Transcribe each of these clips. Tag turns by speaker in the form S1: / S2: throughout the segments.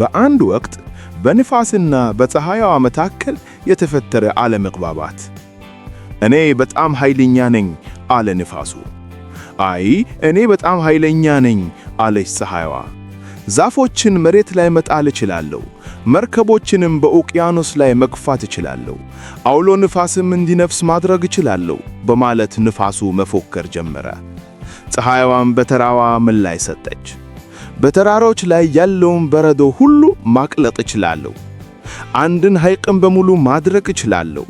S1: በአንድ ወቅት በንፋስና በፀሐይዋ መካከል የተፈጠረ አለመግባባት። እኔ በጣም ኃይለኛ ነኝ አለ ንፋሱ። አይ እኔ በጣም ኃይለኛ ነኝ አለች ፀሐይዋ። ዛፎችን መሬት ላይ መጣል እችላለሁ፣ መርከቦችንም በውቅያኖስ ላይ መግፋት እችላለሁ፣ አውሎ ንፋስም እንዲነፍስ ማድረግ እችላለሁ በማለት ንፋሱ መፎከር ጀመረ። ፀሐይዋም በተራዋ ምላሽ ሰጠች። በተራሮች ላይ ያለውን በረዶ ሁሉ ማቅለጥ እችላለሁ። አንድን ሐይቅን በሙሉ ማድረግ እችላለሁ።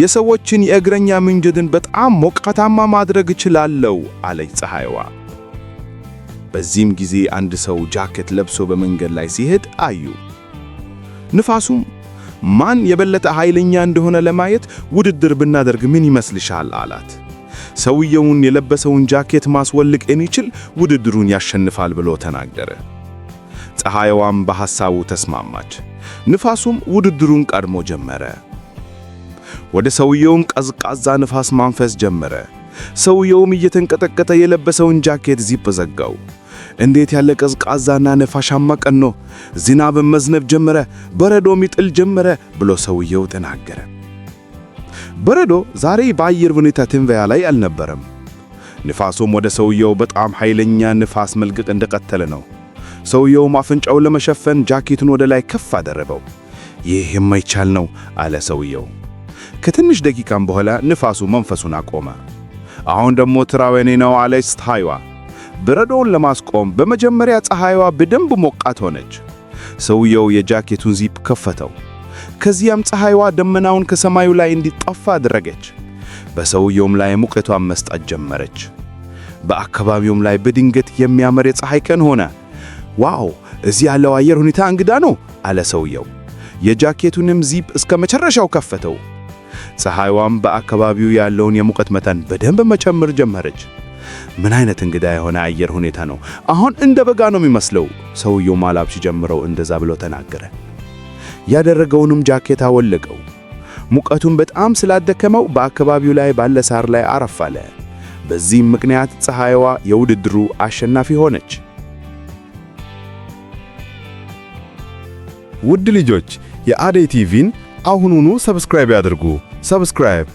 S1: የሰዎችን የእግረኛ መንገድን በጣም ሞቃታማ ማድረግ እችላለሁ አለች ፀሐይዋ። በዚህም ጊዜ አንድ ሰው ጃኬት ለብሶ በመንገድ ላይ ሲሄድ አዩ። ንፋሱም ማን የበለጠ ኃይለኛ እንደሆነ ለማየት ውድድር ብናደርግ ምን ይመስልሻል? አላት። ሰውየውን የለበሰውን ጃኬት ማስወልቅ የሚችል ውድድሩን ያሸንፋል ብሎ ተናገረ። ፀሐይዋም በሐሳቡ ተስማማች። ንፋሱም ውድድሩን ቀድሞ ጀመረ። ወደ ሰውየውም ቀዝቃዛ ንፋስ ማንፈስ ጀመረ። ሰውየውም እየተንቀጠቀጠ የለበሰውን ጃኬት ዚፕ ዘጋው። እንዴት ያለ ቀዝቃዛና ነፋሻማ ቀን ነው! ዝናብም መዝነብ ጀመረ፣ በረዶም ይጥል ጀመረ ብሎ ሰውየው ተናገረ። በረዶ ዛሬ በአየር ሁኔታ ትንበያ ላይ አልነበረም። ንፋሱም ወደ ሰውየው በጣም ኃይለኛ ንፋስ መልቅቅ እንደቀጠለ ነው። ሰውየውም አፍንጫውን ለመሸፈን ጃኬቱን ወደ ላይ ከፍ አደረበው። ይህ የማይቻል ነው አለ ሰውየው። ከትንሽ ደቂቃም በኋላ ንፋሱ መንፈሱን አቆመ። አሁን ደግሞ ትራወኔ ነው አለች ፀሐይዋ። በረዶውን ለማስቆም በመጀመሪያ ፀሐይዋ በደንብ ሞቃት ሆነች። ሰውየው የጃኬቱን ዚፕ ከፈተው። ከዚያም ፀሐይዋ ደመናውን ከሰማዩ ላይ እንዲጣፋ አደረገች። በሰውየውም ላይ ሙቀቷን መስጣት ጀመረች። በአካባቢውም ላይ በድንገት የሚያምር የፀሐይ ቀን ሆነ። ዋው እዚህ ያለው አየር ሁኔታ እንግዳ ነው አለ ሰውየው። የጃኬቱንም ዚፕ እስከ መጨረሻው ከፈተው። ፀሐይዋም በአካባቢው ያለውን የሙቀት መጠን በደንብ መጨመር ጀመረች። ምን አይነት እንግዳ የሆነ አየር ሁኔታ ነው! አሁን እንደ በጋ ነው የሚመስለው። ሰውየው ማላብሽ ጀምረው እንደዛ ብሎ ተናገረ። ያደረገውንም ጃኬት አወለቀው። ሙቀቱን በጣም ስላደከመው በአካባቢው ላይ ባለ ሳር ላይ አረፍ አለ። በዚህም ምክንያት ፀሐይዋ የውድድሩ አሸናፊ ሆነች። ውድ ልጆች የአደይ ቲቪን አሁኑኑ ሰብስክራይብ ያድርጉ። ሰብስክራይብ